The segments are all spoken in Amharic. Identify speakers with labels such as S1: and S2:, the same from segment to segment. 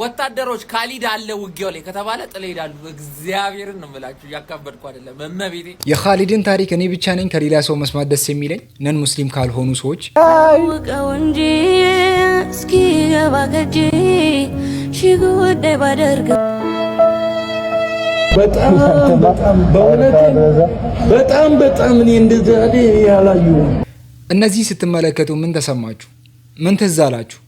S1: ወታደሮች ካሊድ አለ ውጊያው ላይ ከተባለ ጥለ ሄዳሉ። እግዚአብሔርን ነው ምላችሁ፣ እያካበድኩ አይደለም። እመቤቴ
S2: የካሊድን ታሪክ እኔ ብቻ ነኝ ከሌላ ሰው መስማት ደስ የሚለኝ ነን ሙስሊም ካልሆኑ ሰዎች ውቀው እንጂ እስኪ ገባ ከጂ
S3: በጣም በጣም በጣም በጣም እኔ እንደዛ ያላዩ
S2: እነዚህ ስትመለከቱ ምን ተሰማችሁ? ምን ትዝ አላችሁ?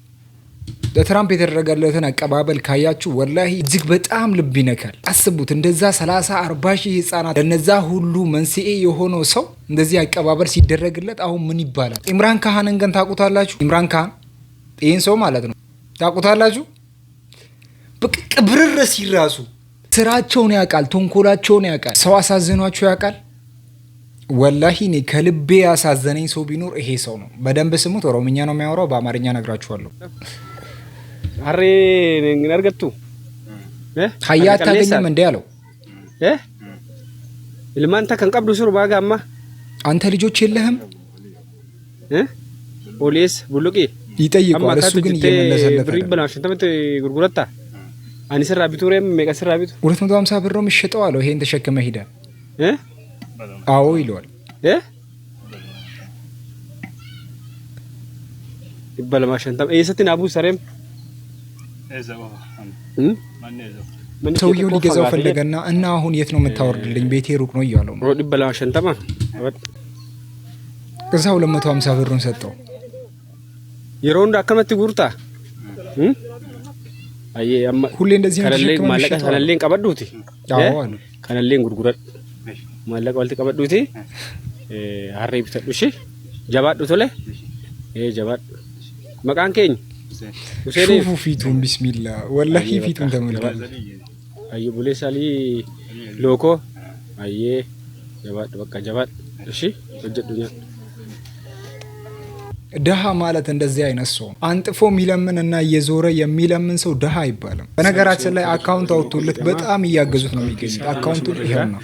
S2: ለትራምፕ የተደረገለትን አቀባበል ካያችሁ ወላሂ እጅግ በጣም ልብ ይነካል። አስቡት እንደዛ 30 40 ሺህ ህጻናት ለነዛ ሁሉ መንስኤ የሆነው ሰው እንደዚህ አቀባበል ሲደረግለት አሁን ምን ይባላል? ኢምራን ካህንን ግን ታቁታላችሁ? ኢምራን ካህን ይህን ሰው ማለት ነው ታቁታላችሁ? ብቅቅ ብርር ሲራሱ ስራቸውን ያውቃል፣ ተንኮላቸውን ያውቃል፣ ሰው አሳዝኗቸው ያውቃል። ወላሂ እኔ ከልቤ ያሳዘነኝ ሰው ቢኖር ይሄ ሰው ነው። በደንብ ስሙት። ኦሮምኛ ነው የሚያወራው። በአማርኛ ነግራችኋለሁ።
S4: harreen argattu
S2: hayyaa አታገኝም እንዴ አለው።
S4: ilmaanta kan qabdu surba
S2: አንተ ልጆች የለህም
S4: ኦሌስ ቡሉቂ ይጠይቀዋል። እሱ ግን እየመለሰለት ብሪ ጉርጉረታ አኒ ስራ ቢቱ ሬም ሜጋ ስራ ቢቱ
S2: ሁለት መቶ ሀምሳ ብር ነው የሚሸጠው አለው። ይሄን ተሸክመ ሂደ አዎ ይለዋል።
S4: ይበለማሸንተም ሰትን አቡ ሰሬም
S2: ሰውየው ሊገዛው ፈለገና እና አሁን የት ነው የምታወርድልኝ? ቤቴ ሩቅ ነው እያለው ነው። ከዛ ሁለት መቶ ሀምሳ ብሩን ሰጠው።
S4: የሮንድ አከመት ጉርታ ሁሌ እንደዚህ ነው ከነሌን ቀበዱት ከነሌን ጉርጉረድ ማለቀ ወልት ቀበዱት ሀሬ ብተዱሽ ጀባዱ ቶለ ጀባድ መቃን ኬኝ
S2: ሹፉ ፊቱን ቢስሚላ ወላሂ ፊቱን ተመልከቱ።
S4: አይ ሎኮ ጀባድ በቃ ጀባድ እሺ
S2: ድሃ ማለት እንደዚህ አይነት ሰው አንጥፎ የሚለምን እና እየዞረ የሚለምን ሰው ድሃ አይባልም። በነገራችን ላይ አካውንት አውጥቶለት በጣም እያገዙት ነው የሚገኙት። አካውንቱን ይሄው ነው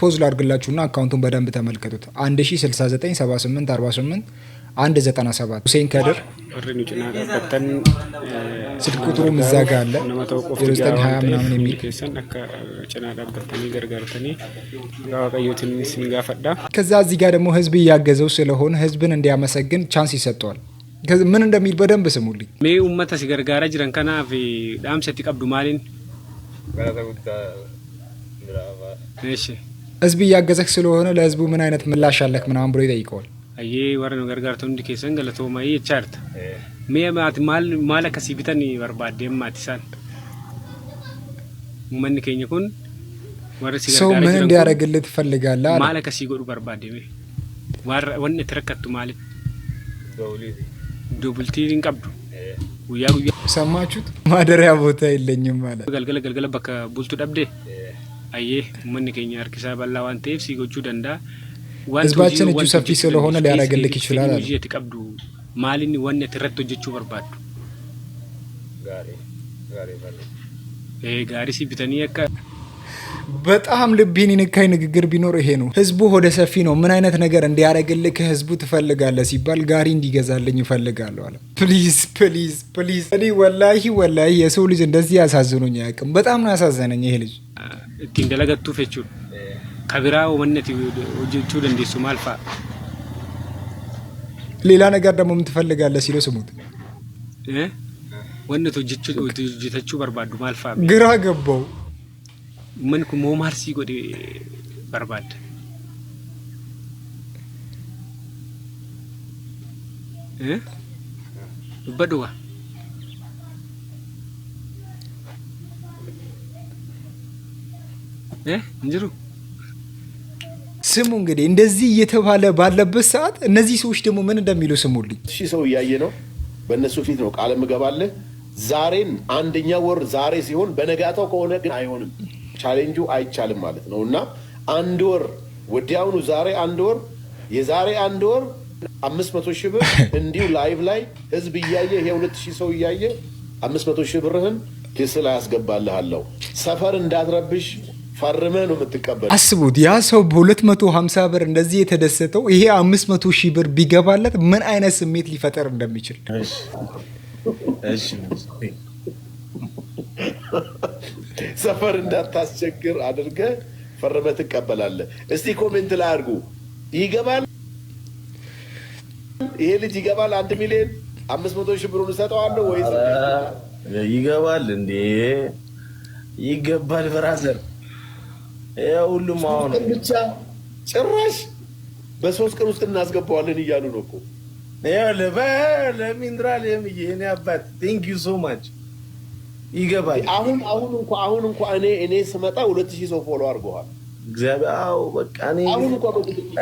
S2: ፖዝ ላድርግላችሁና አካውንቱን በደንብ ተመልከቱት 10697848 አንድ ዘጠና ሰባት ሁሴን ከድር ስልክ ቁጥሩ እዛ ጋ አለ ዘጠኝ ሀያ ምናምን የሚል ከዛ እዚህ ጋር ደግሞ ህዝብ እያገዘው ስለሆነ ህዝብን እንዲያመሰግን ቻንስ ይሰጠዋል። ምን እንደሚል በደንብ ስሙልኝ።
S4: ሜ ኡመተ ሲገርጋራ ጅረን ከና ዳም ሰቲ ቀብዱ ማሊን
S2: ህዝብ እያገዘህ ስለሆነ ለህዝቡ ምን አይነት ምላሽ አለህ ምናምን ብሎ ይጠይቀዋል።
S4: ayyee warra nu gargaartu hundi keessan galatooma jechaa jirta. Mee maati maal maal akkasii bitan barbaadeen maati isaan? Uummanni keenya kun
S2: warra si gargaara jiran kun. gilleetti እንዲያደርግልህ ትፈልጋለህ?
S4: Maal akkasii godhu barbaadde mee Warra wanni itti rakkattu maaliif? ዶብልቲ hin qabdu.
S2: guyyaa guyyaa ሰማችሁት። ማደሪያ ቦታ የለኝም ማለት
S4: Galgala galgala bakka bultu dhabde. አየ uummanni keenya harkisaa bal'aa waan ta'eef si gochuu danda'a.
S2: ህዝባችን እጁ ሰፊ ስለሆነ ሊያደርግልክ ይችላል አለ።
S4: ማሊን ወነ ተረቶ ጀቹ በርባዱ ጋሪ ሲብተኒ ያካ
S2: በጣም ልቤን የነካኝ ንግግር ቢኖር ይሄ ነው። ህዝቡ ሆደ ሰፊ ነው። ምን አይነት ነገር እንዲያደርግልህ ህዝቡ ትፈልጋለ ሲባል ጋሪ እንዲገዛልኝ እፈልጋለሁ አለ። ፕሊዝ ፕሊዝ ፕሊዝ። እኔ ወላሂ ወላሂ የሰው ልጅ እንደዚህ ያሳዝኑኝ አያውቅም። በጣም ነው ያሳዘነኝ ይሄ ልጅ
S4: እቲ እንደለገቱ ፌቹ ከቢራ ወመነት ሆጀቹ ደንዴሱ ማልፋ
S2: ሌላ ነገር ደግሞ ምን ትፈልጋለህ ሲለው ስሙት
S4: እ ወነት ሆጀቹ ሆጀተቹ በርባዱ ማልፋ
S2: ግራ ገባው።
S4: ምንኩ ኩሞ ማርሲ በርባድ እ በዱዋ እ እንጅሩ
S2: ስሙ እንግዲህ እንደዚህ እየተባለ ባለበት ሰዓት እነዚህ ሰዎች ደግሞ ምን እንደሚሉ ስሙልኝ።
S5: እሺ ሰው እያየ ነው፣ በእነሱ ፊት ነው ቃለ ምገባለህ። ዛሬን አንደኛ ወር ዛሬ ሲሆን በነጋታው ከሆነ ግን አይሆንም፣ ቻሌንጁ አይቻልም ማለት ነው እና አንድ ወር ወዲያውኑ ዛሬ አንድ ወር የዛሬ አንድ ወር አምስት መቶ ሺህ ብር እንዲሁ ላይቭ ላይ ህዝብ እያየ ይሄ ሁለት ሺህ ሰው እያየ አምስት መቶ ሺህ ብርህን ኪስ ላይ ሰፈር እንዳትረብሽ ፈርመ ነው የምትቀበል።
S2: አስቡት ያ ሰው በ250 ብር እንደዚህ የተደሰተው ይሄ 500 ሺህ ብር ቢገባለት ምን አይነት ስሜት ሊፈጠር እንደሚችል
S5: ሰፈር እንዳታስቸግር አድርገ ፈርመ ትቀበላለ። እስቲ ኮሜንት ላይ አድርጉ። ይገባል ይሄ ልጅ ይገባል። አንድ ሚሊዮን አምስት መቶ ሺህ ብሩን እሰጠዋለሁ ወይ
S6: ይገባል እንዴ? ይገባል ብራዘር ሁሉም አሁን ብቻ
S5: ጭራሽ በሶስት ቀን ውስጥ እናስገባዋለን እያሉ ነው እኮ።
S6: ለሚንድራል የምዬ እኔ አባት ቴንክ ዩ ሶ ማች ይገባል።
S5: አሁን አሁን እንኳ አሁን እንኳ እኔ እኔ ስመጣ ሁለት ሺህ ሰው ፎሎ አድርገዋል።
S6: እግዚአብሔር በቃ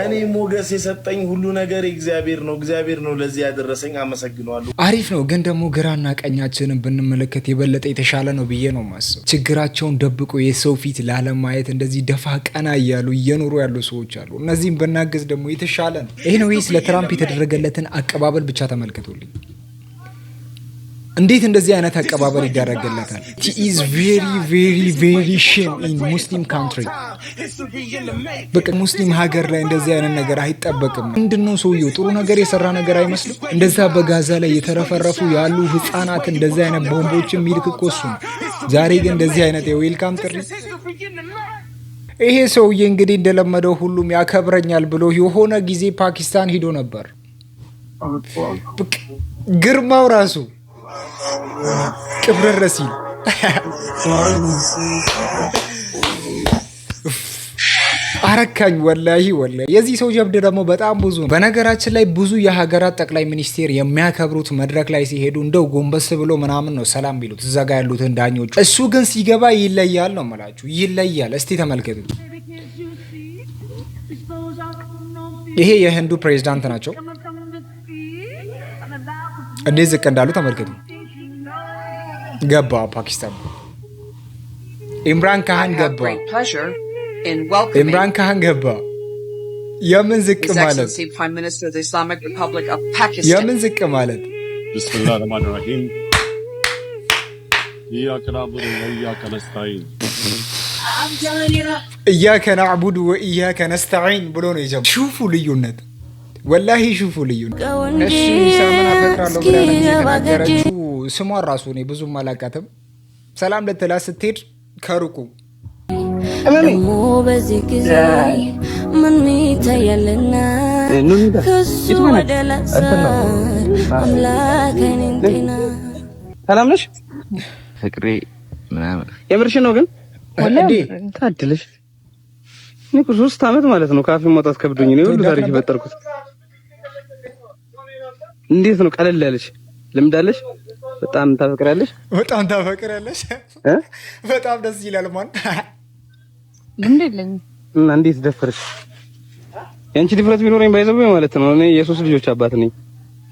S6: እኔ ሞገስ የሰጠኝ ሁሉ ነገር እግዚአብሔር ነው፣ እግዚአብሔር ነው ለዚህ ያደረሰኝ፣ አመሰግነዋለሁ።
S2: አሪፍ ነው። ግን ደግሞ ግራና ቀኛችንን ብንመለከት የበለጠ የተሻለ ነው ብዬ ነው ማስብ። ችግራቸውን ደብቆ የሰው ፊት ላለማየት እንደዚህ ደፋ ቀና እያሉ እየኖሩ ያሉ ሰዎች አሉ። እነዚህም ብናገዝ ደግሞ የተሻለ ነው። ይህ ነው። ስለ ትራምፕ የተደረገለትን አቀባበል ብቻ ተመልክቶልኝ። እንዴት እንደዚህ አይነት አቀባበል ይደረግለታል? ኢዝ ቬሪ ቬሪ ቬሪ ሼም ኢን ሙስሊም ካንትሪ። በቃ ሙስሊም ሀገር ላይ እንደዚህ አይነት ነገር አይጠበቅም። ምንድነው ሰውየው ጥሩ ነገር የሰራ ነገር አይመስልም? እንደዛ በጋዛ ላይ የተረፈረፉ ያሉ ህፃናት እንደዚህ አይነት ቦምቦችን ሚልክ እኮ እሱ ነው። ዛሬ ግን እንደዚህ አይነት የዌልካም ጥሪ ይሄ ሰውዬ እንግዲህ እንደለመደው ሁሉም ያከብረኛል ብሎ የሆነ ጊዜ ፓኪስታን ሂዶ ነበር። ግርማው ራሱ ቅብረር ሲል አረካኝ ወላሂ ወላሂ። የዚህ ሰው ጀብድ ደግሞ በጣም ብዙ ነው። በነገራችን ላይ ብዙ የሀገራት ጠቅላይ ሚኒስቴር የሚያከብሩት መድረክ ላይ ሲሄዱ እንደው ጎንበስ ብሎ ምናምን ነው ሰላም ቢሉት እዛ ጋ ያሉትን ዳኞቹ። እሱ ግን ሲገባ ይለያል ነው የምላችሁ፣ ይለያል። እስቲ ተመልከቱ። ይሄ የህንዱ ፕሬዚዳንት ናቸው። እንዴት ዝቅ እንዳሉ ተመልከቱ። ገባ ፓኪስታን። ኢምራን ካህን ገባ። ኢምራን ካህን ገባ። የምን ዝቅ ማለት የምን ዝቅ ማለት እያከ ናዕቡድ ወእያከ ነስተዒን ብሎ ነው የጀመረው። ሹፉ ልዩነት ወላሂ ሽፉ ልዩ እሺ ሳምን ራሱ እኔ ብዙም አላቃትም። ሰላም ልትላ ስትሄድ ከሩቁ እመሜ በዚህ ጊዜ ምን ይታያልና ከሱ ሰላም ነሽ ፍቅሬ ምናምን የምርሽ ነው ግን ታድልሽ ሶስት አመት ማለት ነው ካፌ መውጣት ከብዶኝ ነው ሁሉ ታሪክ የፈጠርኩት እንዴት ነው? ቀለል ያለሽ ልምዳለሽ። በጣም ታፈቅራለሽ። በጣም ታፈቅራለሽ። በጣም ደስ ይላል። ማን ልምድ የለኝም እና እንዴት ደፈርሽ? የአንቺ ድፍረት ቢኖረኝ ባይዘው ማለት ነው። እኔ የሶስት ልጆች አባት ነኝ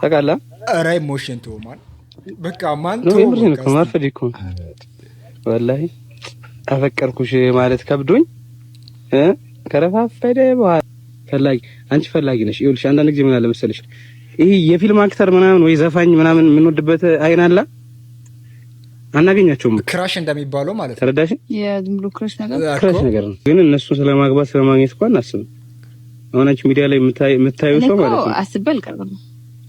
S2: ታውቃለህ። ኧረ ሞሽን ተው ማን በቃ ማን ተው ማርፈድ እኮ ወላሂ አፈቀርኩሽ ማለት ከብዶኝ ከረፋፈደ በኋላ ፈላጊ አንቺ ፈላጊ ነሽ። ይኸውልሽ አንዳንድ ጊዜ ምን አለ መሰለሽ ይሄ የፊልም አክተር ምናምን ወይ ዘፋኝ ምናምን የምንወድበት አይን አለ አናገኛቸውም። ክራሽ እንደሚባለው ማለት ነው። ተረዳሽ?
S7: የዝም ክራሽ ነገር
S2: ክራሽ ነገር ነው። ግን እነሱ ስለማግባት ስለማግኘት እንኳን አስብ። አሁናች ሚዲያ ላይ የምታዩ ሰው
S7: ማለት ነው። አስበል ቀርብ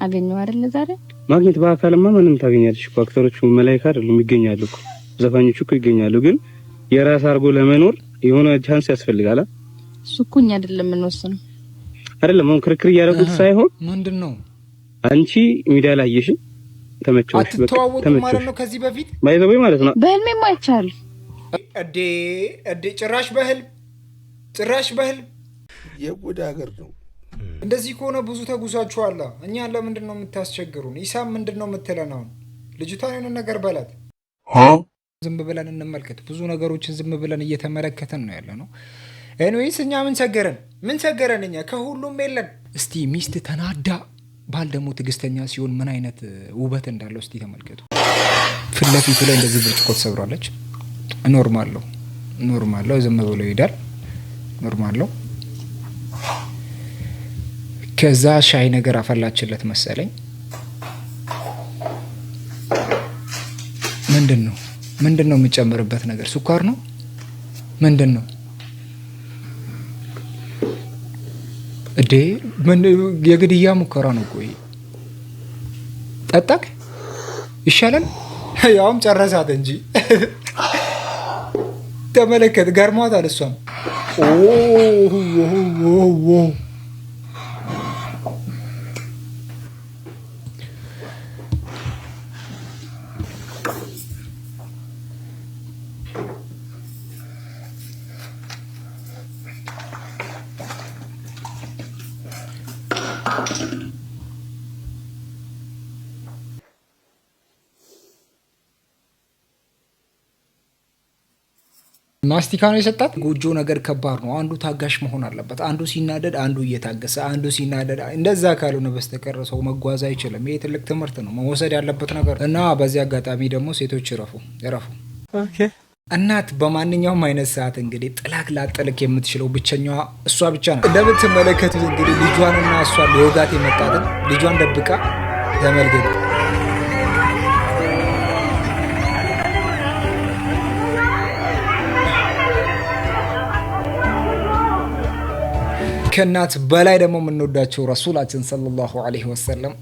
S7: አገኘው አይደል? ዛሬ
S2: ማግኘት በአካልማ ምንም ታገኛለሽ እኮ አክተሮቹ መላእክት አይደሉም፣ ይገኛሉ እኮ ዘፋኞቹ እኮ ይገኛሉ። ግን የራስ አድርጎ ለመኖር የሆነ ቻንስ ያስፈልጋል።
S7: እሱ እኮ እኛ አይደለም የምንወስነው
S2: አይደለም። አሁን ክርክር እያደረጉት ሳይሆን ምንድን ነው አንቺ ሚዲያ ላይ አየሽኝ ተመቸሽ፣ ነው ከዚህ በፊት ማይዘበይ ማለት ነው።
S7: በህልሜም አይቻልም
S2: እዴ እዴ ጭራሽ በህልም ጭራሽ በህልም የጎዳ ሀገር ነው። እንደዚህ ከሆነ ብዙ ተጉዛችኋላ። እኛን ለምንድን ነው የምታስቸግሩን? ኢሳም ምንድን ነው የምትለን? አሁን ልጅቷን የሆነ ነገር በላት። ዝም ብለን እንመልከት። ብዙ ነገሮችን ዝም ብለን እየተመለከተን ነው ያለ ነው። ኤንዌይስ እኛ ምን ቸገረን? ምን ቸገረን? እኛ ከሁሉም የለን። እስቲ ሚስት ተናዳ ባል ደግሞ ትዕግስተኛ ሲሆን ምን አይነት ውበት እንዳለው እስቲ ተመልከቱ። ፊት ለፊቱ ላይ እንደዚህ ብርጭቆ ተሰብራለች። ኖርማል ነው፣ ኖርማል ነው። ዝም ብሎ ይሄዳል። ኖርማል ነው። ከዛ ሻይ ነገር አፈላችለት መሰለኝ። ምንድን ነው ምንድን ነው የምጨምርበት ነገር? ስኳር ነው ምንድን ነው? እዴ የግድያ ሙከራ ነው። ቆይ ጠጣክ ይሻላል። ያውም ጨረሳት እንጂ ተመለከት፣ ገርሟታል እሷም ማስቲካ ነው የሰጣት። ጎጆ ነገር ከባድ ነው። አንዱ ታጋሽ መሆን አለበት። አንዱ ሲናደድ፣ አንዱ እየታገሰ፣ አንዱ ሲናደድ። እንደዛ ካልሆነ በስተቀር ሰው መጓዝ አይችልም። ይሄ ትልቅ ትምህርት ነው መወሰድ ያለበት ነገር እና በዚህ አጋጣሚ ደግሞ ሴቶች እረፉ፣ እረፉ። እናት በማንኛውም አይነት ሰዓት እንግዲህ ጥላክ ላጠልክ የምትችለው ብቸኛዋ እሷ ብቻ ነው። እንደምትመለከቱት እንግዲህ ልጇንና እሷ ሊወጋት የመጣትን ልጇን ደብቃ ተመልገ ከእናት በላይ ደግሞ የምንወዳቸው ረሱላችን ሰለላሁ ዐለይሂ ወሰለም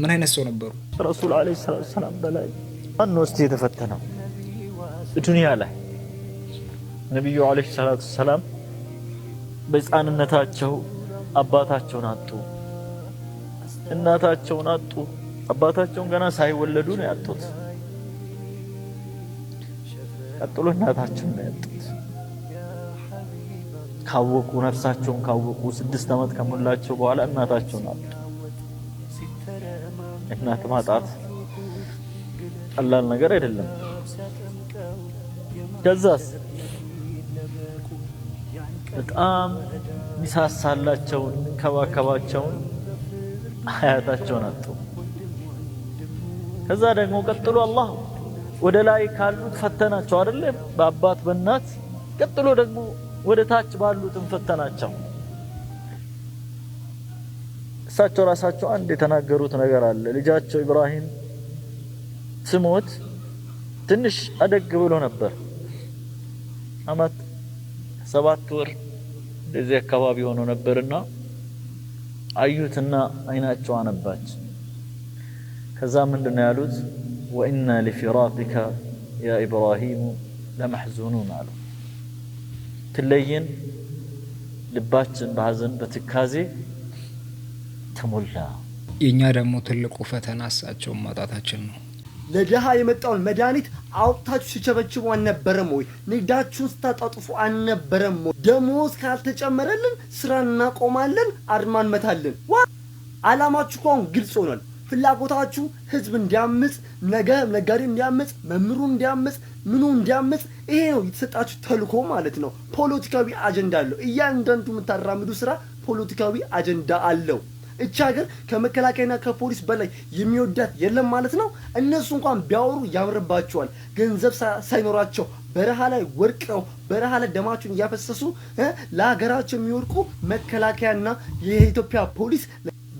S2: ምን አይነት ሰው ነበሩ? ረሱል ዐለይሂ ሰላም በላይ ማነው እስቲ የተፈተነው ዱንያ ላይ? ነቢዩ ዐለይሂ ሰላቱ ሰላም በሕፃንነታቸው አባታቸውን አጡ፣ እናታቸውን አጡ። አባታቸውን ገና ሳይወለዱ ነው ያጡት። ቀጥሎ እናታቸውን ነው ያጡት። ካወቁ ነፍሳቸውን ካወቁ ስድስት ዓመት ከሞላቸው በኋላ እናታቸው ናት። እናት ማጣት ቀላል ነገር አይደለም። ከዛስ በጣም ሚሳሳላቸውን ከባከባቸውን አያታቸውን አጡ። ከዛ ደግሞ ቀጥሎ አላህ ወደ ላይ ካሉት ፈተናቸው አይደለም በአባት በእናት ቀጥሎ ደግሞ ወደ ታች ባሉትም ፈተናቸው። እሳቸው ራሳቸው አንድ የተናገሩት ነገር አለ። ልጃቸው ኢብራሂም ስሞት ትንሽ አደግ ብሎ ነበር። አመት ሰባት ወር እንደዚህ አካባቢ ሆኖ ነበርና አዩትና አይናቸው አነባች። ከዛ ምንድን ነው ያሉት? ወኢና ሊፊራቂከ ያ ኢብራሂሙ ለመሕዙኑን አሉ። ትለየን። ልባችን በሀዘን በትካዜ ተሞላ። የእኛ ደግሞ ትልቁ ፈተና እሳቸውን ማጣታችን ነው። ለድሃ የመጣውን መድኃኒት አውጥታችሁ ሲቸበችቡ አልነበረም ወይ? ንግዳችሁን ስታጣጥፉ አልነበረም ወይ? ደሞዝ ካልተጨመረልን ስራ እናቆማለን፣ አድማ እንመታለን። ዋ አላማችሁ ከሆን ግልጽ ሆኗል። ፍላጎታችሁ ህዝብ እንዲያምፅ፣ ነገ ነጋዴ እንዲያምፅ፣ መምህሩ እንዲያምፅ፣ ምኑ እንዲያምፅ ይሄ ነው የተሰጣችሁ ተልኮ ማለት ነው። ፖለቲካዊ አጀንዳ አለው። እያንዳንዱ የምታራምዱ ስራ ፖለቲካዊ አጀንዳ አለው። እቺ ሀገር ከመከላከያና ከፖሊስ በላይ የሚወዳት የለም ማለት ነው። እነሱ እንኳን ቢያወሩ ያምርባቸዋል። ገንዘብ ሳይኖራቸው በረሃ ላይ ወድቀው በረሃ ላይ ደማቸውን እያፈሰሱ ለሀገራቸው የሚወድቁ መከላከያና የኢትዮጵያ ፖሊስ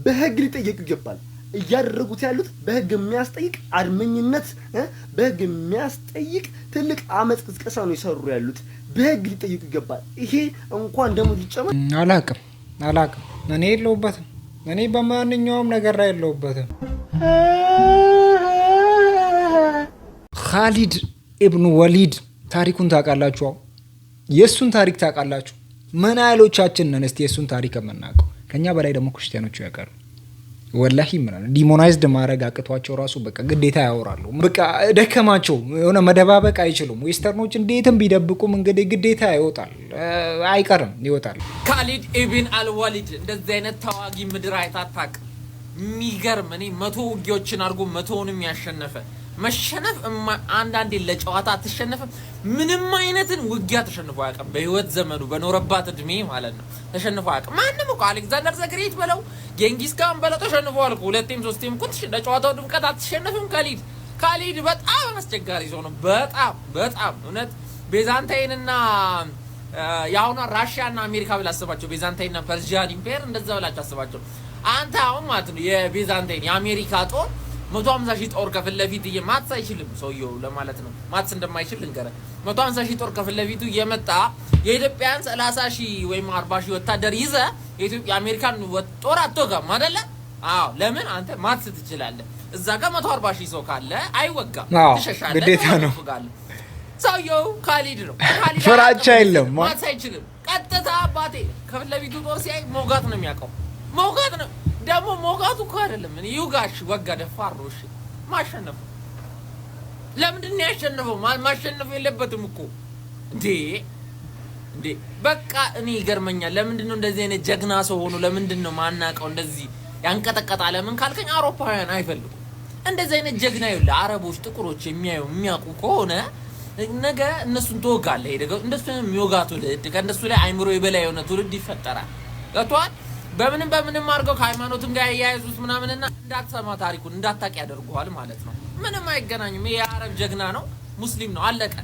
S2: በህግ ሊጠየቁ ይገባል። እያደረጉት ያሉት በህግ የሚያስጠይቅ አድመኝነት፣ በህግ የሚያስጠይቅ ትልቅ አመፅ ቅስቀሳ ነው የሰሩ ያሉት። በህግ ሊጠይቁ ይገባል። ይሄ እንኳን ደሞ ሊጨመር አላቅም አላቅም። እኔ የለውበትም። እኔ በማንኛውም ነገር ላይ የለውበትም። ካሊድ ኢብኑ ወሊድ ታሪኩን ታውቃላችሁ? የእሱን ታሪክ ታውቃላችሁ? ምን ያህሎቻችን ነን እስቲ የእሱን ታሪክ የምናውቀው? ከእኛ በላይ ደግሞ ክርስቲያኖቹ ያውቃሉ። ወላሂ ምናምን ዲሞናይዝድ ማድረግ አቅቷቸው ራሱ በቃ ግዴታ ያወራሉ። በቃ ደከማቸው የሆነ መደባበቅ አይችሉም። ዌስተርኖች እንዴትም ቢደብቁም እንግዲህ ግዴታ ይወጣል፣ አይቀርም ይወጣል። ካሊድ ኢብን አልዋሊድ እንደዚህ አይነት ታዋጊ ምድር አይታታቅ የሚገርም እኔ መቶ ውጊያዎችን አድርጎ መቶውንም ያሸነፈ መሸነፍ አንዳንዴ ለጨዋታ አትሸነፍም። ምንም አይነትን ውጊያ ተሸንፎ አያውቅም። በህይወት ዘመኑ በኖረባት እድሜ ማለት ነው ተሸንፎ አያውቅም። ማንም እኮ አሌክዛንደር ዘግሬት በለው ጌንጊስ ካን በለው ተሸንፈዋል። ሁለቴም ሶስቴም እኮ ለጨዋታው ድምቀት አትሸነፍም። ካሊድ ካሊድ በጣም አስቸጋሪ ሰው ነው። በጣም በጣም እውነት ቤዛንታይንና የአሁኗ ራሽያና አሜሪካ ብላ አስባቸው። ቤዛንታይንና ፐርዥያን ኢምፔር እንደዛ ብላቸው አስባቸው። አንተ አሁን ማለት ነው የቤዛንታይን የአሜሪካ ጦር መቶ ሀምሳ ሺህ ጦር ከፊት ለፊት ማትስ አይችልም ሰውየው ለማለት ነው። ማትስ እንደማይችል ልንገረ መቶ ሀምሳ ሺህ ጦር ከፊት ለፊቱ የመጣ የኢትዮጵያን ሰላሳ ሺህ ወይም አርባ ሺህ ወታደር ይዘ የኢትዮጵያ የአሜሪካን ጦር አትወጋም አደለ? አዎ። ለምን አንተ ማትስ ትችላለህ። እዛ ጋር መቶ አርባ ሺህ ሰው ካለ አይወጋም፣ ትሸሻለህ። ግዴታ ነው። ሰውየው ካሊድ ነው። ፍራቻ የለም። ማትስ አይችልም። ቀጥታ አባቴ ከፊት ለፊቱ ጦር ሲያይ መውጋት ነው የሚያውቀው፣ መውጋት ነው ደግሞ ሞጋቱ እኮ አይደለም እኔ ዩጋሽ ወጋ ደፋሮ እሺ ማሸነፍ ለምንድን ነው ያሸነፈው? ማሸነፍ የለበትም እኮ እንዴ! እንዴ በቃ እኔ ይገርመኛል። ለምንድን ነው እንደዚህ አይነት ጀግና ሰው ሆኖ ለምንድን ነው ማናቀው? እንደዚህ ያንቀጠቀጣ ለምን ካልከኝ አውሮፓውያን አይፈልጉም እንደዚህ አይነት ጀግና። ይኸውልህ አረቦች፣ ጥቁሮች የሚያዩ የሚያውቁ ከሆነ ነገ እነሱን ትወጋለህ። ሄደገው እንደሱ የሚወጋ ትውልድ ከእነሱ ላይ አይምሮ የበላይ የሆነ ትውልድ ይፈጠራል። ገብቶሃል? በምንም በምንም አድርገው ከሃይማኖትም ጋር እያያዙት ምናምንና እንዳትሰማ ታሪኩን እንዳታውቅ ያደርገዋል ማለት ነው። ምንም አይገናኝም። ይሄ የአረብ ጀግና ነው፣ ሙስሊም ነው፣ አለቀ።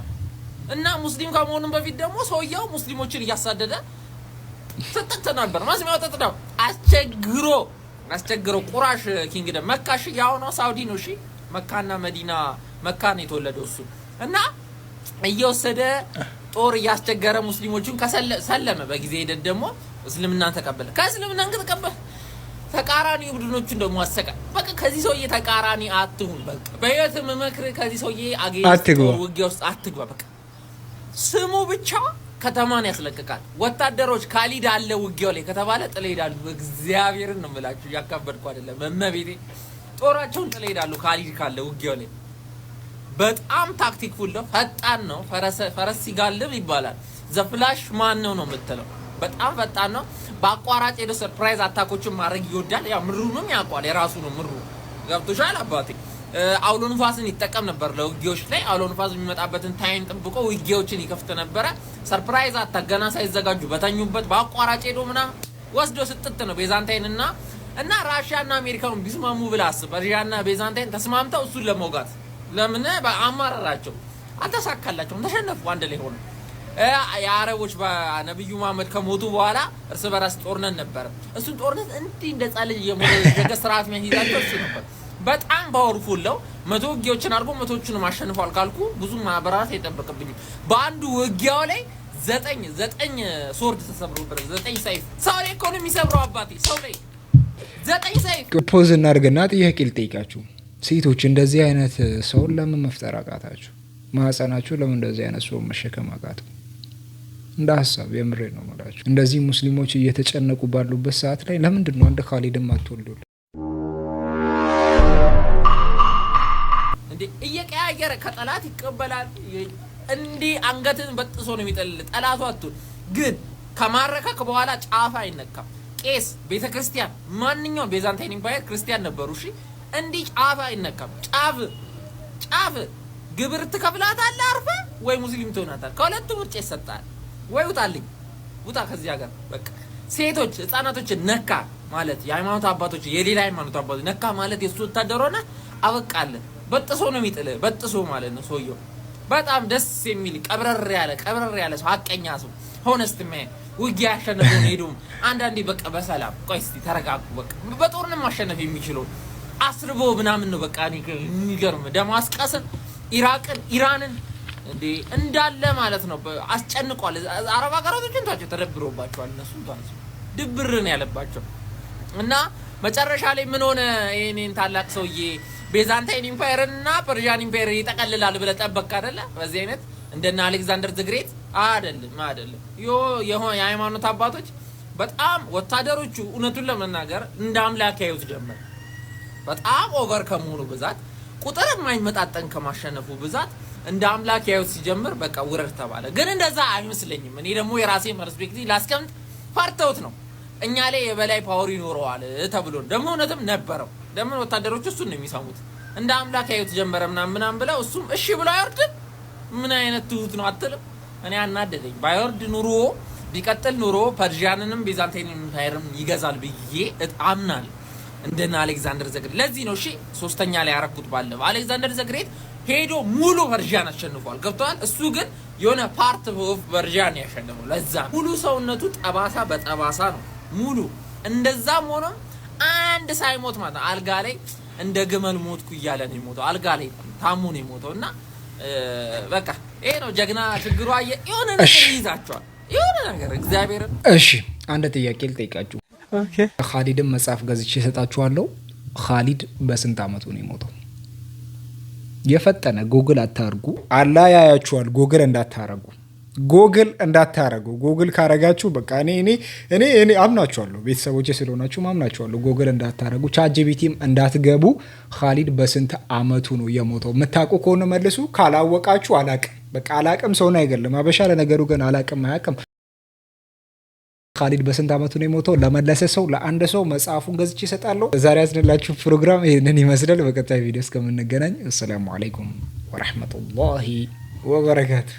S2: እና ሙስሊም ከመሆኑም በፊት ደግሞ ሰውየው ሙስሊሞችን እያሳደደ ስጥት ነበር። ማስሚያ ወጠጥ ነው አስቸግሮ አስቸግሮ ቁራሽ ኪንግደም መካ ሺ የአሁኗ ሳውዲ ነው ሺ መካና መዲና መካ ነው የተወለደው እሱ እና እየወሰደ ጦር እያስቸገረ ሙስሊሞቹን ሰለመ። በጊዜ ሂደት ደግሞ እስልምና ተቀበለ። ከእስልምና ተቀበለ። ተቃራኒ ቡድኖቹን ደግሞ አሰቀ። በቃ ከዚህ ሰውዬ ተቃራኒ አትሁን። በቃ በየት ምክር ከዚህ ሰውዬ አገኝ ውጊያ ውስጥ አትግባ። በቃ ስሙ ብቻ ከተማን ያስለቅቃል። ወታደሮች ካሊድ አለ ውጊያው ላይ ከተባለ ጥለ ሄዳሉ። እግዚአብሔርን ነው ምላችሁ፣ እያካበድኩ አይደለም። መመቤቴ ጦራቸውን ጥለ ሄዳሉ። ካሊድ ካለ ውጊያው ላይ በጣም ታክቲክ ፉል ነው። ፈጣን ነው። ፈረስ ሲጋልብ ይባላል። ዘፍላሽ ማን ነው ነው የምትለው በጣም ፈጣን ነው። በአቋራጭ ሄዶ ሰርፕራይዝ አታኮችን ማድረግ ይወዳል። ያ ምሩንም ያውቋል። የራሱ ነው ምሩ ገብቶሻል አባቴ። አውሎ ንፋስን ይጠቀም ነበር ለውጊያዎች ላይ አውሎ ንፋስ የሚመጣበትን ታይም ጥብቆ ውጊያዎችን ይከፍት ነበረ። ሰርፕራይዝ አታገና ሳይዘጋጁ በተኙበት በአቋራጭ ሄዶ ምና ወስዶ ስጥት ነው ቤዛንታይን እና እና ራሽያ እና አሜሪካውን ቢስማሙ ብላ አስብ። ራሽያ እና ቤዛንታይን ተስማምተው እሱን ለመውጋት ለምን በአማራራቸው አልተሳካላቸውም። ተሸነፉ አንድ ላይ ሆነው የአረቦች ነብዩ መሀመድ ከሞቱ በኋላ እርስ በራስ ጦርነት ነበረ። እሱን ጦርነት እንዲህ እንደ ጻልጅ የሞደገ ስርዓት መሄዳቸው እሱ ነበር። በጣም ፓወርፉለው መቶ ውጊያዎችን አድርጎ መቶዎቹንም አሸንፏል ካልኩ ብዙ ማብራራት አይጠበቅብኝም። በአንዱ ውጊያው ላይ ዘጠኝ ዘጠኝ ሶርድ ተሰብሮበት ዘጠኝ ሰይፍ ሰው ላይ እኮ ነው የሚሰብረው አባቴ ሰው ላይ ዘጠኝ ሰይፍ። ፖዝ እናድርግና ጥያቄ ልጠይቃችሁ። ሴቶች እንደዚህ አይነት ሰውን ለምን መፍጠር አቃታችሁ? ማህፀናችሁ ለምን እንደዚህ አይነት ሰውን መሸከም አቃተው? እንደ ሀሳብ የምሬ ነው የምላቸው። እንደዚህ ሙስሊሞች እየተጨነቁ ባሉበት ሰዓት ላይ ለምንድን ነው አንድ ካሊድም አትወልዱል እየቀያየረ ከጠላት ይቀበላል። እንዲህ አንገትን በጥሶ ነው የሚጠልል ጠላቱ አትሁን ግን ከማረከክ በኋላ ጫፍ አይነካም። ቄስ፣ ቤተ ክርስቲያን፣ ማንኛውም ቤዛንታይን ኢምፓየር ክርስቲያን ነበሩ። እሺ እንዲህ ጫፍ አይነካም። ጫፍ ጫፍ ግብር ትከፍላታለህ አርፈ ወይ ሙስሊም ትሆናታል ከሁለቱ ምርጫ ይሰጣል። ወይ ውጣልኝ፣ ውጣ ከዚህ ሀገር በቃ። ሴቶች ህጻናቶችን ነካ ማለት የሃይማኖት አባቶች የሌላ ሃይማኖት አባቶች ነካ ማለት የእሱ ወታደር ሆነ አበቃለን። በጥሶ ነው የሚጥል በጥሶ ማለት ነው ሰውየው። በጣም ደስ የሚል ቀብረር ያለ ቀብረር ያለ ሰው ሀቀኛ ሰው ሆነስት ምን ውጊያ ያሸነፈውን ሄዱ። አንዳንዴ በቃ በሰላም ቆይ እስኪ ተረጋጉ። በቃ በጦርንም ማሸነፍ የሚችለው አስርቦ ምናምን ነው። በቃ የሚገርም ደማስቀስን፣ ኢራቅን፣ ኢራንን እንዳለ ማለት ነው። አስጨንቋል። አረብ ሀገራቶች እንቷቸው ተደብሮባቸዋል። እነሱ እንቷቸው ድብርን ያለባቸው እና መጨረሻ ላይ ምን ሆነ? ይሄኔን ታላቅ ሰውዬ ቤዛንታይን ኢምፓየርና እና ፐርዣን ኢምፓየር ይጠቀልላል ብለ ጠበቅ አይደለ? በዚህ አይነት እንደና አሌክዛንደር ዝግሬት አይደለም አይደለም። ዮ የሆነ የሃይማኖት አባቶች በጣም ወታደሮቹ እውነቱን ለመናገር እንደ አምላክ ያዩት ጀመር። በጣም ኦቨር ከመሆኑ ብዛት ቁጥር የማይመጣጠን ከማሸነፉ ብዛት እንደ አምላክ ያዩት ሲጀምር በቃ ውረድ ተባለ። ግን እንደዛ አይመስለኝም። እኔ ደግሞ የራሴ ፐርስፔክቲቭ ላስቀምጥ። ፈርተውት ነው እኛ ላይ የበላይ ፓወር ይኖረዋል ተብሎ ደግሞ እውነትም ነበረው። ለምን ወታደሮች እሱን ነው የሚሰሙት። እንደ አምላክ ያዩት ጀመረ ምናምን ምናምን ብለው እሱም እሺ ብሎ አይወርድም። ምን አይነት ትሁት ነው አትልም። እኔ አናደደኝ። ባይወርድ ኑሮ ቢቀጥል ኑሮ ፐርዣንንም ቢዛንቴን ኢምፓየርም ይገዛል ብዬ አምናል። እንደና አሌክዛንደር ዘግሬት ለዚህ ነው እሺ ሶስተኛ ላይ ያረኩት ባለፈው አሌክዛንደር ዘግሬት ሄዶ ሙሉ ቨርዣን አሸንፏል። ገብተዋል። እሱ ግን የሆነ ፓርት ኦፍ ቨርዣን ያሸንፈው። ለዛ ሙሉ ሰውነቱ ጠባሳ በጠባሳ ነው ሙሉ። እንደዛም ሆኖ አንድ ሳይሞት ማለት ነው አልጋ ላይ እንደ ግመል ሞትኩ እያለ ነው የሞተው። አልጋ ላይ ታሙ ነው የሞተው። እና በቃ ይሄ ነው ጀግና። ችግሩ አየ የሆነ ነገር ይይዛቸዋል። የሆነ ነገር እግዚአብሔር። እሺ አንድ ጥያቄ ልጠይቃችሁ። ኦኬ፣ ኻሊድን መጽሐፍ ገዝቼ እሰጣችኋለሁ። ኻሊድ በስንት አመቱ ነው የሞተው? የፈጠነ ጎግል አታርጉ። አላ ያያችኋል። ጎግል እንዳታረጉ ጎግል እንዳታረጉ። ጎግል ካረጋችሁ በቃ እኔ እኔ እኔ እኔ አምናችኋለሁ፣ ቤተሰቦቼ ስለሆናችሁ አምናችኋለሁ። ጎግል እንዳታረጉ፣ ቻጅቢቲም እንዳትገቡ። ካሊድ በስንት አመቱ ነው የሞተው? የምታውቁ ከሆነ መልሱ። ካላወቃችሁ አላቅም፣ በቃ አላቅም። ሰውን አይገለም አበሻ ለነገሩ ግን አላቅም አያቅም። ካሊድ በስንት አመቱ ነው የሞተው? ለመለሰ ሰው ለአንድ ሰው መጽሐፉን ገዝቼ ይሰጣለሁ ዛሬ ያዝንላችሁ ፕሮግራም ይህንን ይመስላል። በቀጣይ ቪዲዮ እስከምንገናኝ አሰላሙ አለይኩም ወረህመቱላሂ ወበረካቱ።